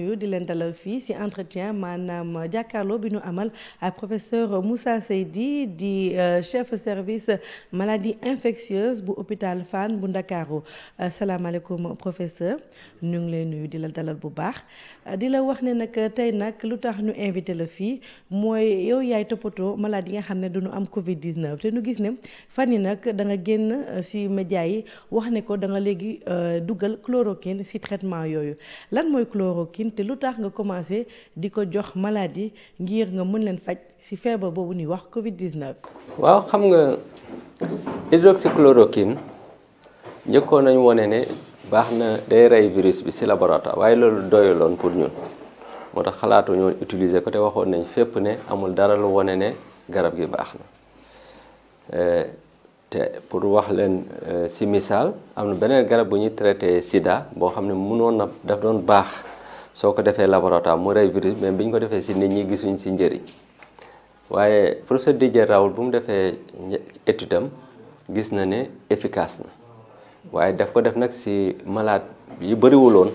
ñu di len dalal fi ci entretien manam jàkkaarloo bi ñu amal ak professeur Moussa Seydi di euh, chef service maladie infectieuse bu hôpital Fann bu Dakaro Ndakaaru euh, alaykoum professeur ñu ngi lay nuyu di la dalal bu baax euh, di la wax ne nak tay nak lutax ñu invité la fi moy yow yaay topoto maladie nga xam ne du ñu am Covid 19 te ñu gis ne fani nak da nga génn ci media yi wax ne ko da nga légui dugal chloroquine ci traitement yoyu lan moy chloroquine. te lu tax nga commencé di ko jox maladie ngir nga mën leen faj ci feebar boobu nii wax Covid 19. waaw xam nga hydroxychloroquine njëkkoon nañ wone ne baax na day rey virus bi ci laboratoire waaye loolu doyuloon pour ñun moo tax xalaatu ñoon utiliser ko te waxoon nañ fépp ne amul dara lu wone ne garab gi baax na. Eh, te pour wax leen ci eh, misaal am na beneen garab bu ñuy traité sida boo xam ne mënoon na daf doon baax soo ko defee laboratoire mu rey virus mais bi ñu ko defee si nit ñi gisuñu si njëriñ waaye professeur Didier Raoult bu mu defee étude am gis na ne efficace na waaye daf ko def nag si malade yi bëriwuloon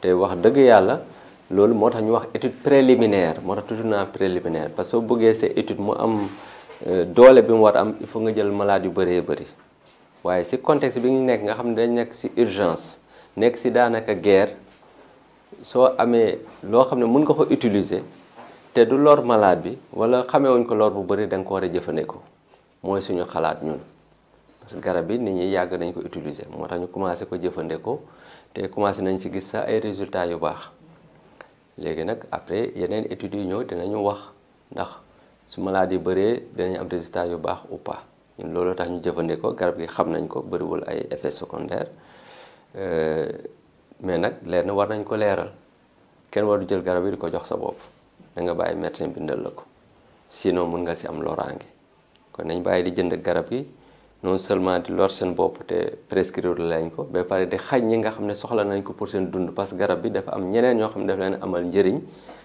te wax dëgg yàlla loolu moo tax ñu wax étude préliminaire moo tax toujours naa préliminaire parce que soo bëggee sa étude mu am euh, doole bi mu war am il nga jël malade yu bëree bëri waaye si contexte bi ñu nekk nga xam ne dañ nekk si urgence nekk si daanaka guerre soo amee loo xam ne mun nga ko utiliser te du loor malade bi wala xamewuñ ko loor bu bëri da ko war a jëfandikoo mooy suñu xalaat ñun parce que garab bi nit ñu yàgg nañ ko utiliser moo tax ñu commencé ko jëfandikoo te commencé nañ ci gis sax ay résultats yu baax léegi nag après yeneen études yu ñëw dinañu wax ndax su malade yi bëree dinañ am résultats yu baax ou tax ñu jëfandikoo garab gi xam nañ ko bëriwul ay effets secondaires euh, mais nag leer na war nañ ko leeral kenn waru jël garab yi di ko jox sa bopp da nga bàyyi médecin bindal la ko sinon mun nga si am loraange kon nañ bàyyi di jënd garab yi non seulement di lor seen bopp te prescrire lañ ko ba pare di xañ ñi nga xam ne soxla nañ ko pour seen dund parce que garab bi dafa am ñeneen ñoo xam ne daf leen amal njëriñ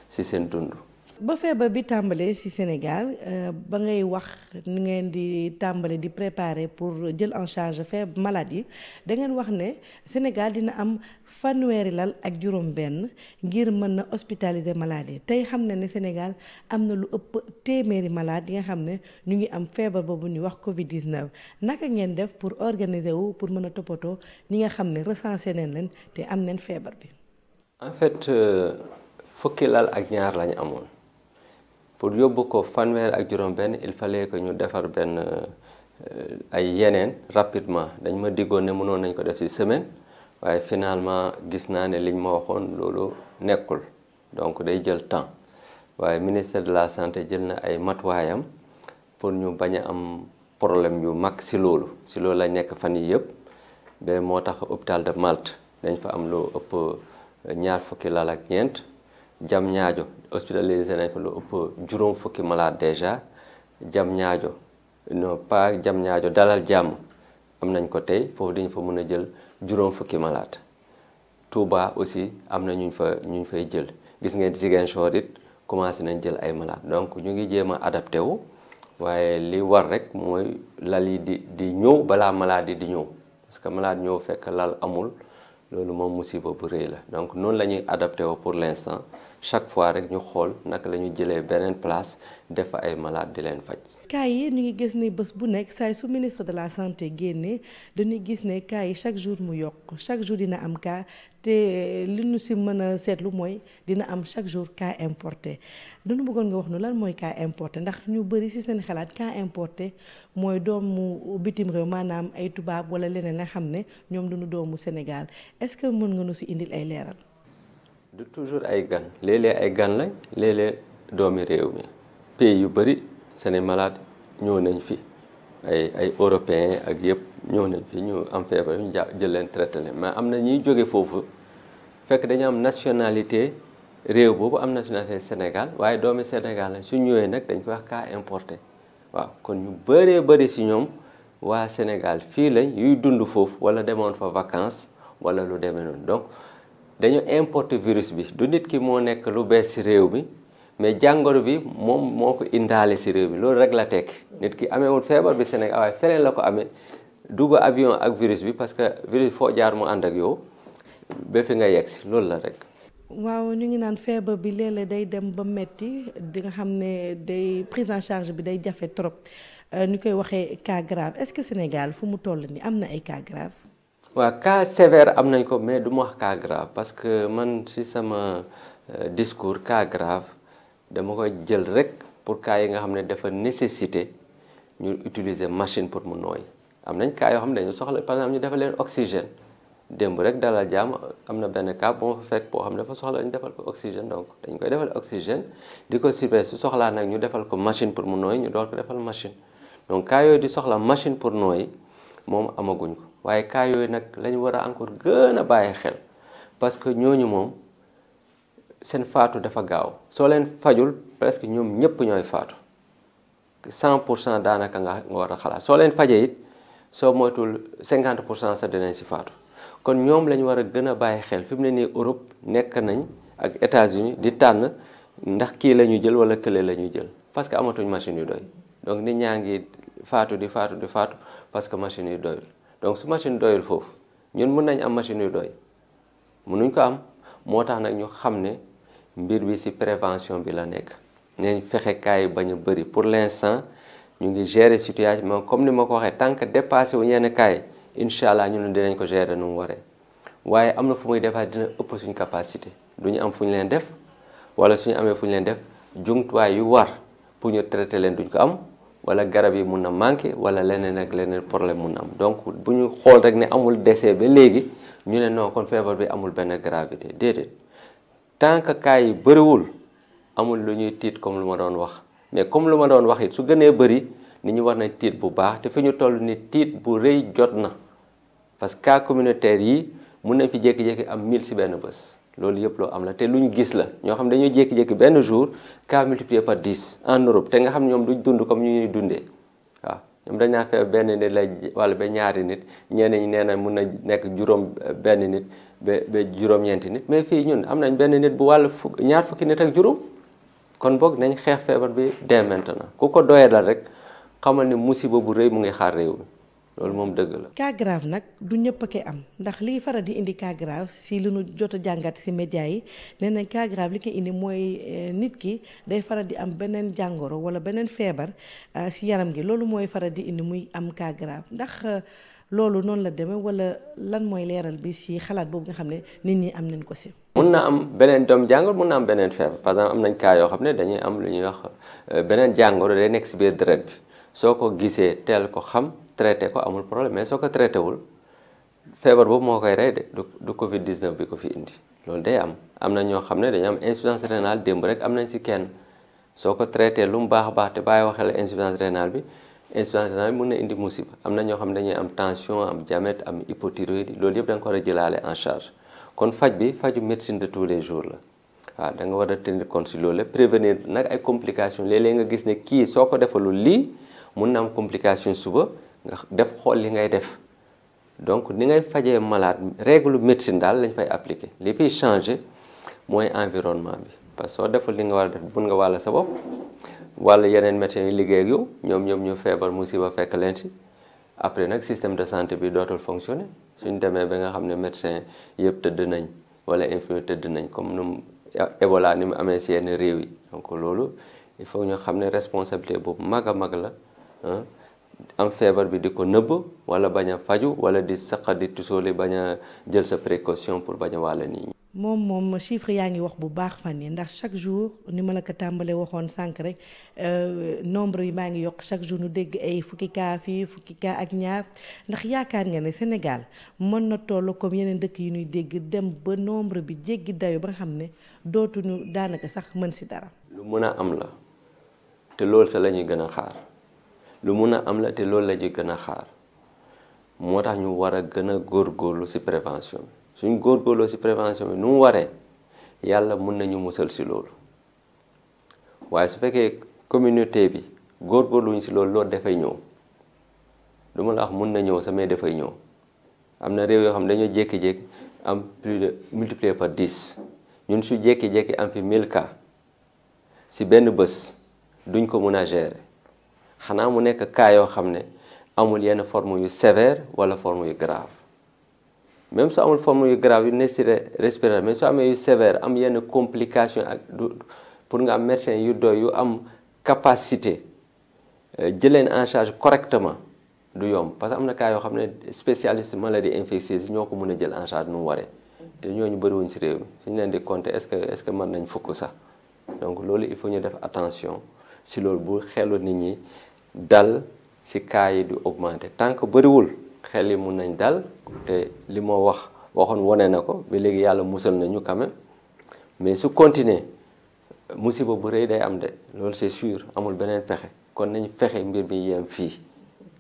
si seen dund ba feebar bi tàmbalee ci Sénégal euh, ba ngay wax ni ngeen di tàmbalee di préparer pour jël en charge feebar malade yi da ngeen wax ne Sénégal dina am fanweeri lal ak juróom-benn ngir mën na hospitaliser malade yi tey xam na ne Sénégal am na lu ëpp téeméeri malade yi nga xam ne ñu ngi am feebar boobu ñu wax Covid 19 naka ngeen def pour organiser wu pour mën a toppatoo ñi nga xam ne recensé neen leen te am nañ feebar bi. en fait euh, fukki lal ak ñaar lañu amoon. pour yóbbu ko fanweer ak juróom-benn il fallait que ñu defar ben euh, ay yeneen rapidement dañ ma diggoon ne mënoon nañ ko def si semaine waaye finalement gis naa ne liñ ma waxoon loolu nekkul donc day jël temps waaye ministère de la santé jël na ay matwayam, pour ñu bañ am problème yu mag si loolu si loolu la nekk fan yi yëpp ba moo tax hôpital de Malte dañ fa am lu ëpp euh, ñaar fukki lal ak jam ñaajo hospitalisé nañ fa lu ëpp juróom fukki malade déjà jam ñaajo non pas jam ñaajo dalal jàmm am nañ ko tey foofu dañu fa mën a jël juróom fukki malade Touba aussi am na ñu fa ñu fay jël gis ngeen Ziguinchor it commencé nañ jël ay malade donc ñu ngi jéem a adapté wu waaye li war rek mooy lal yi di di ñëw balaa malade yi di ñëw parce que malade ñëw fekk lal amul loolu moom musiba bu rëy la donc noonu la ñuy adapté woo pour l'instant chaque fois rek ñu xool naka la ñu jëlee beneen place def ay malade di leen faj cas yi ngi gis ne bés bu nekk su ministre de la santé génnee dañuy gis ne cas chaque jour mu chaque jour dina am cas te li ñu si mën a seetlu dina am chaque jour cas importé dañu bëggoon nga wax nu lan mooy cas importé ndax ñu bëri si seen xalaat cas importé mooy doomu bitim réew maanaam ay tubaab wala leneen la xam ne duñu doomu Sénégal est-ce que mon nga nu indil ay leeral. de toujours ay gan léeg-léeg ay gan lañ léeg-léeg doomi pays yu bëri. Les malade malades nañ fi européens des sont nañ mais am na que nous nationalité réew am nationalité Sénégal doomi Sénégal su ñëwee nak dañ ko wax importé wa kon ñu bëree si ñom wa Sénégal nous lañ yuy dund wala démon fa vacances wala lu demee donc dañu importer virus bi du nit ki mo nekk lu mais jàngoro bi moom moo ko indaale si réew bi loolu rek la tekk nit ki ameewul feebar bi Sénégal waaye feneen la ko amee dugg avion ak virus bi parce que virus foo jaar mu ànd ak yow ba fi nga yegg si loolu la rek. waaw ñu ngi naan feebar bi léeg day dem ba metti di nga xam ne day prise en charge bi day jafe trop euh, ñu koy waxee cas grave est-ce que Sénégal fu mu toll nii am na ay cas grave. waaw cas sévère am nañ ko mais du ma wax cas grave parce que man si sama euh, discours cas dama koy jël rek pour cas yi nga ne dafa nécessité ñu utiliser machine pour mu nooy am nañ cas ne dañu soxla par exemple ñu defal leen oxygène rek cas ne dafa soxla ñu defal ko oxygène donc dañ koy defal oxygène di ko su soxlaa nag ñu defal ko machine pour mu nooy ñu door ko defal machine donc cas yooyu di soxla machine pour nooy moom amaguñ ko waaye cas yooyu nag lañ war encore gën a xel parce que seen faatu dafa gaaw soo leen fajul presque ñoom ñëpp ñooy faatu cent pour cent daanaka nga nga war a xalaat soo leen fajee soo moytul cinquante pour cent sa dinañ si faatu kon ñoom lañ war a gën a bàyyi xel fi mu ne nii Europe nekk nañ ak États-Unis di tànn ndax kii la ñu jël wala kële la ñu jël parce que amatuñ machine yu doy donc nit ñaa ngi faatu di faatu di faatu parce que machine yu doy donc machine doyul foofu ñun mun nañ am machine yu doy munuñ ko am moo tax nag ñu xam ne mbir bi ci prévention bi la nekk nañ fexe cas yi bañ a bëri pour l'instant ñu ngi gere situation mais comme ni ma ko waxee tant que dépassé wu ñenn cas yi incha allah ñun dinañ ko gérer nu mu waree waaye am na fu muy defaat dina ëpp suñ capacité du ñu am fu ñu leen def wala suñu amee fu ñu leen def jumtuwaay yu war pour ñu traité leen duñ ko am wala garab yi mun na manqué wala leneen ak leneen problème mun na am donc bu ñu xool rek ne amul décès ba léegi ñu ne non kon feebar bi amul benn gravité déedéet. tant que cas yi bëriwul amul lu ñuy tiit comme lu ma doon wax mais comme lu ma doon wax su gënee bëri nit ñi war nañ tiit bu baax te fi ñu toll ni tiit bu rëy jot na parce que communautaire yi mun nañ fi jékki-jékki am 1000 si benn bés loolu yëpp loo am la te lu ñu gis la ñoo xam dañoo jékki-jékki benn jour cas multiplié par 10 en Europe te nga xam ñoom duñ dund comme ñu ñuy dundee waaw ñoom dañ naa feebar benn nit lay wala ba ñaari nit ñeneen ñi nee na mun na nekk juróom benn nit ba ba juróom-ñeenti nit mais fii ñun am nañ benn nit bu wàll fukk ñaar fukki nit ak juróom kon boog nañ xeex feebar bi dès maintenant ku ko doyee dal rek xamal ni musiba bu rëy mu ngi xaar réew loolu moom dëgg la. cas nag du ñëpp a koy am ndax liy faral di indi cas si lu ñu jot a jàngat si média yi nee nañ cas li koy indi mooy eh, nit ki day faral di am beneen jàngoro wala beneen feebar eh, si yaram gi loolu mooy faral di indi muy am cas ndax eh, loolu noonu la demee wala lan mooy leeral bi si xalaat boobu nga xam ne nit ñi am nañ ko si. mun na am beneen doom jàngoro mun na am beneen feebar par am nañ cas yoo xam ne dañuy am lu ñuy wax beneen jàngoro day nekk si biir deret bi soo ko gisee teel ko xam. traité ko amul problème mais soo ko traité wul feebar boobu moo koy rey de du Covid 19 bi ko fi indi loolu day am am na ñoo xam ne dañu am insuffisance rénale démb rek am nañ si kenn soo ko traité lu mu baax a baax te bàyyi waxee la insuffisance rénale bi insuffisance rénale mun na indi musiba am na ñoo xam ne dañuy am tension am diabète am hypothyroïde loolu yëpp da nga ko war a jëlaale en charge kon faj bi faju médecine de tous les jours la. waaw da nga war a tenir compte si loolu prévenir nag ay complications léeg nga gis ne kii soo ko defalul lii mun na am complication suba nga def xool li ngay def donc ni ngay fajee malaat règle médecine daal lañ fay appliquer li fiy changer mooy environnement bi parce que soo deful li nga war a def mun nga wàll sa bopp wàll yeneen médecins yi liggéey ñoom ñoom ñu feebar musiba fekk leen après nag système de santé bi dootul fonctionner suñ demee ba nga xam ne médecin yëpp tëdd nañ wala infirmier tëdd nañ comme nu Ebola ni mu amee si yenn réew yi donc loolu il faut ñu xam ne responsabilité boobu mag a mag la am feebar bi di ko nëbb wala bañ a faju wala di saqat di tusooli bañ a jël sa précaution pour bañ a wàlle nit ñi moom moom chiffre yaa ngi wax bu baax fan yi ndax chaque jour ni ma la ko tàmbalee waxoon sànq rek euh, nombre yi maa ngi yokk chaque jour nu dégg ay fukki kaa fi fukki kaa ak ñaar ndax yaakaar nga ne Sénégal mën na toll comme yeneen dëkk yi nuy dégg dem ba nombre bi jéggi dayo ba nga xam ne dootuñu daanaka sax mën si dara. lu mën a am la te loolu sa la gën a xaar. lu mun a am la te loolu la ñu gën a xaar moo tax ñu war a gën a góor góorlu si prévention bi suñ góorgóorloo si prévention bi nu mu waree yàlla mun nañu musal si loolu waaye su fekkee communauté bi góor góorgóorluñ si loolu loolu dafay ñëw lu ma la wax mun na ñëw samay dafay ñëw am na réew yoo xam ne dañoo jékki-jékki am plus de multiplier par 10 ñun su jékki-jékki am fi 1000 cas si benn bés duñ ko mun a gérer. xanaa mu nekk cas yoo xam ne amul yenn forme yu sévère wala forme yu grave même su amul forme yu grave yu nécessité respiratoire mais su amee yu sévère am yenn complication ak du pour nga am médecin yu doy yu am capacité euh, jëleen en charge correctement du yomb parce que am na cas yoo xam ne spécialiste maladie infectieuse ñoo ko mën a jël en nu mu waree te ñu bëriwuñ si réew mi suñu leen di compter est-ce que est-ce que mën nañ fukk sax donc loolu il faut ñu def attention si loolu bu xelu nit ñi dal si cas yi du augmenter tant que bëriwul xel yi mun nañ daal te li ma wax waxoon wane na ko ba léegi yàlla musal nañu quand même mais su continuer musiba bu rëy day am de loolu c'est suir amul beneen pexe kon nañ fexe mbir bi yem fii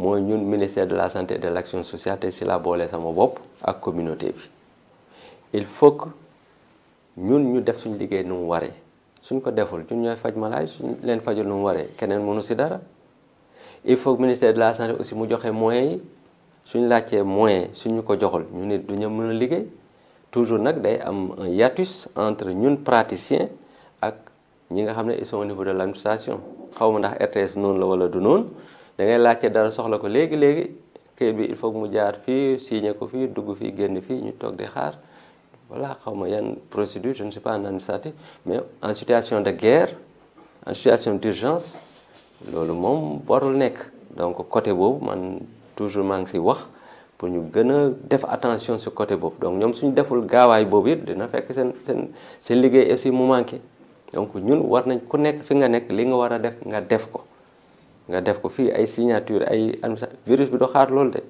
moy ñun ministère de la santé et de l'action sociale té si la bolé sama bop ak communauté bi il faut que ñun ñu def suñu liggéey nu waré suñ ko deful ñun ñoy faj malaay suñ leen fajul nu waré waree keneen mënu ci dara il faut que ministère de la santé aussi mu joxé moyens suñ laajtee moyens suñ ko joxol ñu nit duñu mëna liggéey toujours nak day am un hiatus entre ñun praticiens ak ñi nga xamné ils sont au niveau de l'administration xawma ndax RTS non la wala du noonu da ngay laajte dara soxla ko léegi léegi kayit bi il faut mu jaar fii signé ko fii dugg fii génn fii ñu toog di xaar voilà xaw ma yan procédure je ne sais pas un administratif mais en situation de guerre en situation d'urgence loolu moom warul nekk donc côté boobu man toujours maa ngi si wax pour ñu gën a def attention si côté boobu donc ñoom suñu deful gaawaay boobu it dina fekk seen seen seen liggéey aussi mu manqué donc ñun war nañ ku nekk fi nga nekk li nga war a def nga def ko nga def ko fii ay signature ay virus bi do xaar loolu de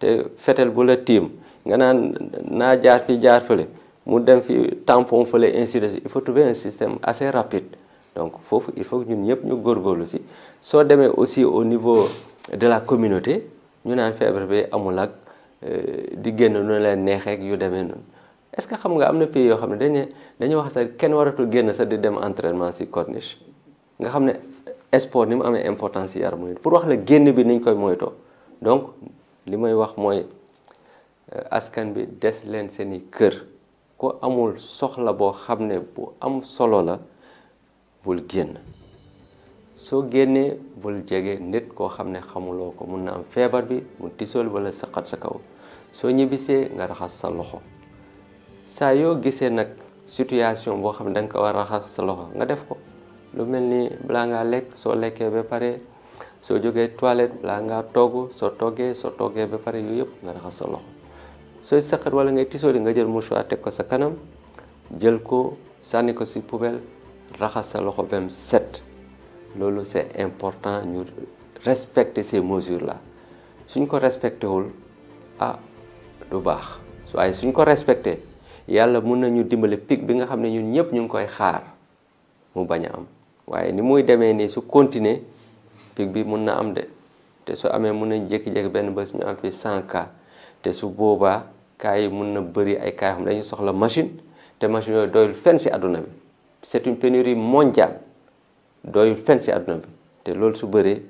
te fetel bu la tiim nga naan naa jaar fi jaar fële mu dem fi tempon fële ainsi de suite il faut trouver un système assez rapide donc foofu il faut ñun ñëpp ñu góorgóorlu si soo demee aussi au niveau de la communauté ñu naan feebar bi amul ak euh, di génn nu leen neexeek yu demee noonu est-ce que xam nga am na pays yoo xam ne dañu dañu wax sax kenn waratul génn sax di dem entrainement si corniche nga xam sport ni mu amee importance ci yaramu nit pour wax la génn bi niñ koy moytoo donc li may wax mooy euh, askan bi des leen seeni kër ku amul soxla boo xam ne bu am solo la bul génn soo génnee bul jege nit koo xam ne xamuloo ko mun na am feebar bi mu tisool wala saqat sa kaw soo ñibbisee nga raxas sa loxo saa yoo gisee nag situation boo xam ne da ko war a raxas sa loxo nga def ko lu mel ni balaa lek lekk bepare. lekkee ba pare soo jógee toilette balaa ngaa togg So toggee soo toggee ba pare yooyu nga raxas sa loxo wala ngay tisoori nga jël mouchoir teg ko sa kanam jël ko sànni ko si poubelle loxo set loolu c'est important ñu respecter ces mesures là suñ ko respecté wul ah du baax waaye suñ ko respecté yàlla mun nañu dimbali pic bi nga xam ñun ñëpp ñu ngi koy xaar mu am waaye ni muy demee nii su continuer pic bi mun na am de te su amee mun na jékki-jékki benn bés ñu am fi 100 cas te su boobaa cas yi mun na bëri ay cas xam dañuy soxla machine te machine yooyu doyul fenn si àdduna bi c'est une pénurie mondiale doyul fenn si àdduna bi te loolu su bëree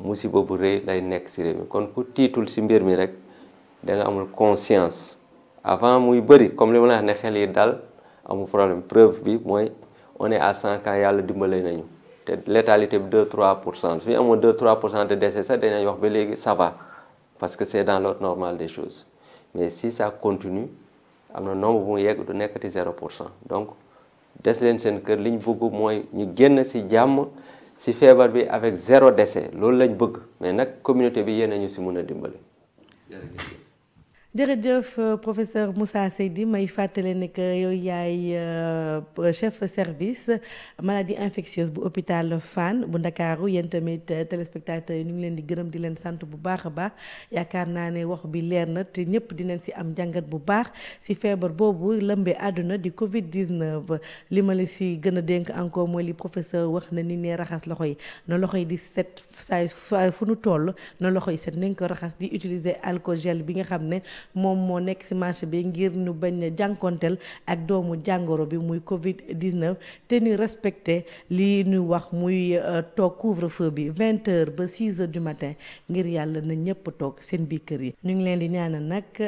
musiba bu rëy lay nekk si réew mi kon ku tiitul si mbir mi rek da amul conscience avant muy bëri comme li ma la wax ne xel yi daal amul problème preuve bi mooy on est à 100 cas yàlla dimbale nañu te létalité de 2 3 Si on a 2 3 de décès ça va parce que c'est dans l'ordre normal des choses mais si ça continue am na nombre bu mu yegg du 0 donc des leen seen kër li ñu bëgg mooy ñu génn avec 0 décès loolu lañ bëgg mais la communauté est yéen a nous jërëjëf euh, professeur Moussa Seydi may euh, chef service maladie infectieuse bu hôpital FAN bu Ndakaaru yéen euh, téléspectateurs yi ngi leen di gërëm di bu a baax de wax bi ñëpp dinañ am jàngat bu si feebar boobu lëmbee àdduna di Covid 19 li ma la si gën a encore li professeur wax na ni raxas na di set saa fu toll na set utiliser alcool gel bi nga moom moo nekk ci marché bi ngir ñu bañ a ak doomu jàngoro bi muy Covid 19 te ñu respecté li ñu wax muy euh, toog couvre feu bi vingt heures ba six heures du matin ngir yàlla na ñëpp toog seen kër yi ñu ngi leen di ñaanal ak